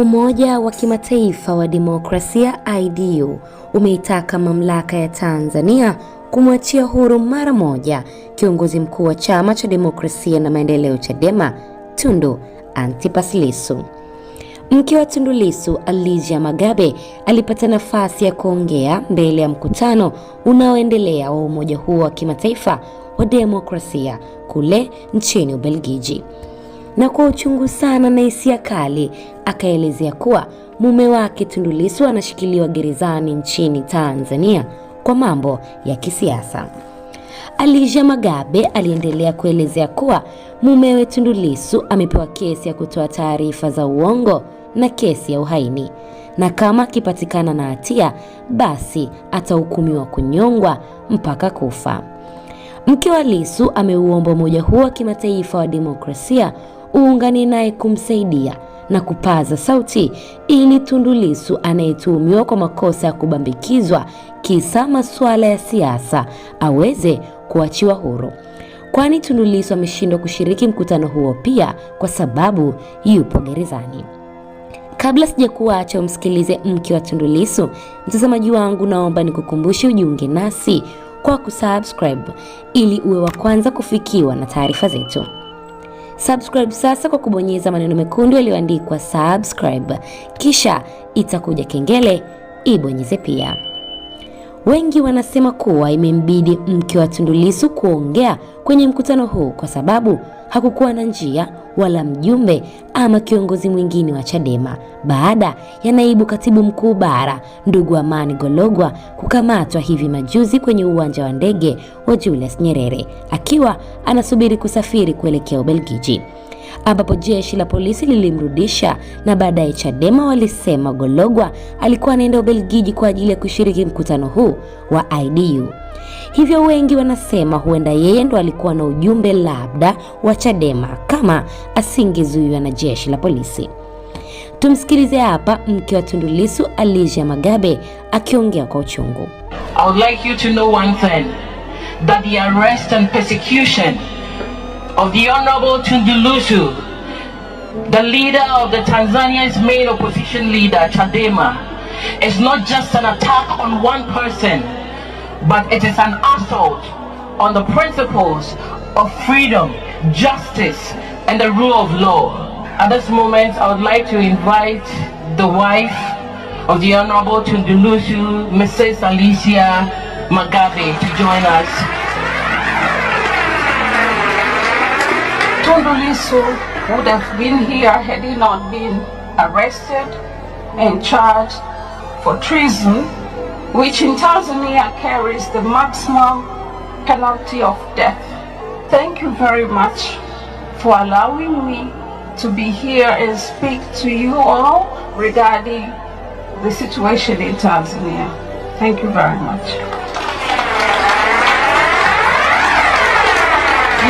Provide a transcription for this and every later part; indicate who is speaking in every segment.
Speaker 1: Umoja wa Kimataifa wa Demokrasia IDU umeitaka mamlaka ya Tanzania kumwachia huru mara moja kiongozi mkuu wa Chama cha Demokrasia na Maendeleo Chadema, Tundu Antipas Lissu. Mke wa Tundu Lissu, Alizia Magabe, alipata nafasi ya kuongea mbele ya mkutano unaoendelea wa umoja huo wa kimataifa wa demokrasia kule nchini Ubelgiji na kwa uchungu sana na hisia kali akaelezea kuwa mume wake Tundu Lissu anashikiliwa gerezani nchini Tanzania kwa mambo ya kisiasa. Elijah Magabe aliendelea kuelezea kuwa mumewe Tundu Lissu amepewa kesi ya kutoa taarifa za uongo na kesi ya uhaini, na kama akipatikana na hatia basi atahukumiwa kunyongwa mpaka kufa. Mke wa Lissu ameuomba umoja huo wa kimataifa wa demokrasia uungane naye kumsaidia na kupaza sauti ili tundulisu anayetuhumiwa kwa makosa ya kubambikizwa kisa masuala ya siasa aweze kuachiwa huru, kwani tundulisu ameshindwa kushiriki mkutano huo pia kwa sababu yupo gerezani. Kabla sijakuacha umsikilize mke wa tundulisu mtazamaji wangu, naomba nikukumbushe ujiunge nasi kwa kusubscribe ili uwe wa kwanza kufikiwa na taarifa zetu. Subscribe sasa kwa kubonyeza maneno mekundu yaliyoandikwa subscribe, kisha itakuja kengele, ibonyeze pia. Wengi wanasema kuwa imembidi mke wa Tundu Lissu kuongea kwenye mkutano huu kwa sababu hakukuwa na njia wala mjumbe ama kiongozi mwingine wa Chadema baada ya naibu katibu mkuu bara ndugu Amani Gologwa kukamatwa hivi majuzi kwenye uwanja wa ndege wa Julius Nyerere akiwa anasubiri kusafiri kuelekea Ubelgiji ambapo jeshi la polisi lilimrudisha na baadaye Chadema walisema Gologwa alikuwa anaenda Ubelgiji kwa ajili ya kushiriki mkutano huu wa IDU. Hivyo wengi wanasema huenda yeye ndo alikuwa na ujumbe labda wa Chadema kama asingezuiwa na jeshi la polisi. Tumsikilize hapa mke wa Tundu Lissu Magabe akiongea kwa uchungu.
Speaker 2: I would like you to know one thing that the arrest and persecution of the Honorable Tunjulusu, the leader of the Tanzania's main opposition leader, Chadema, is not just an attack on one person, but it is an assault on the principles of freedom, justice, and the rule of law. At this moment, I would like to invite the wife of the Honorable Tundulushu, Mrs. Alicia Magave, to join us. Tundu would have been here had he not been arrested and charged for treason, which in Tanzania carries the maximum penalty of death. Thank you very much for allowing me to be here and speak to you all regarding the situation in Tanzania. Thank you very much.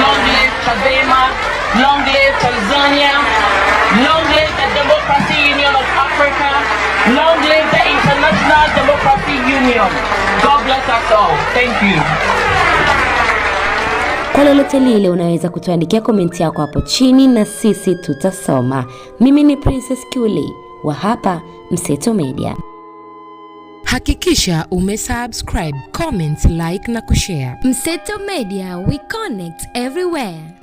Speaker 2: Long live Chadema.
Speaker 1: Kwa lolote lile unaweza kutuandikia komenti yako hapo chini na sisi tutasoma. Mimi ni Princess kuli wa hapa Mseto Media. Hakikisha umesubscribe, comment, like na kushare. Mseto Media, we connect everywhere.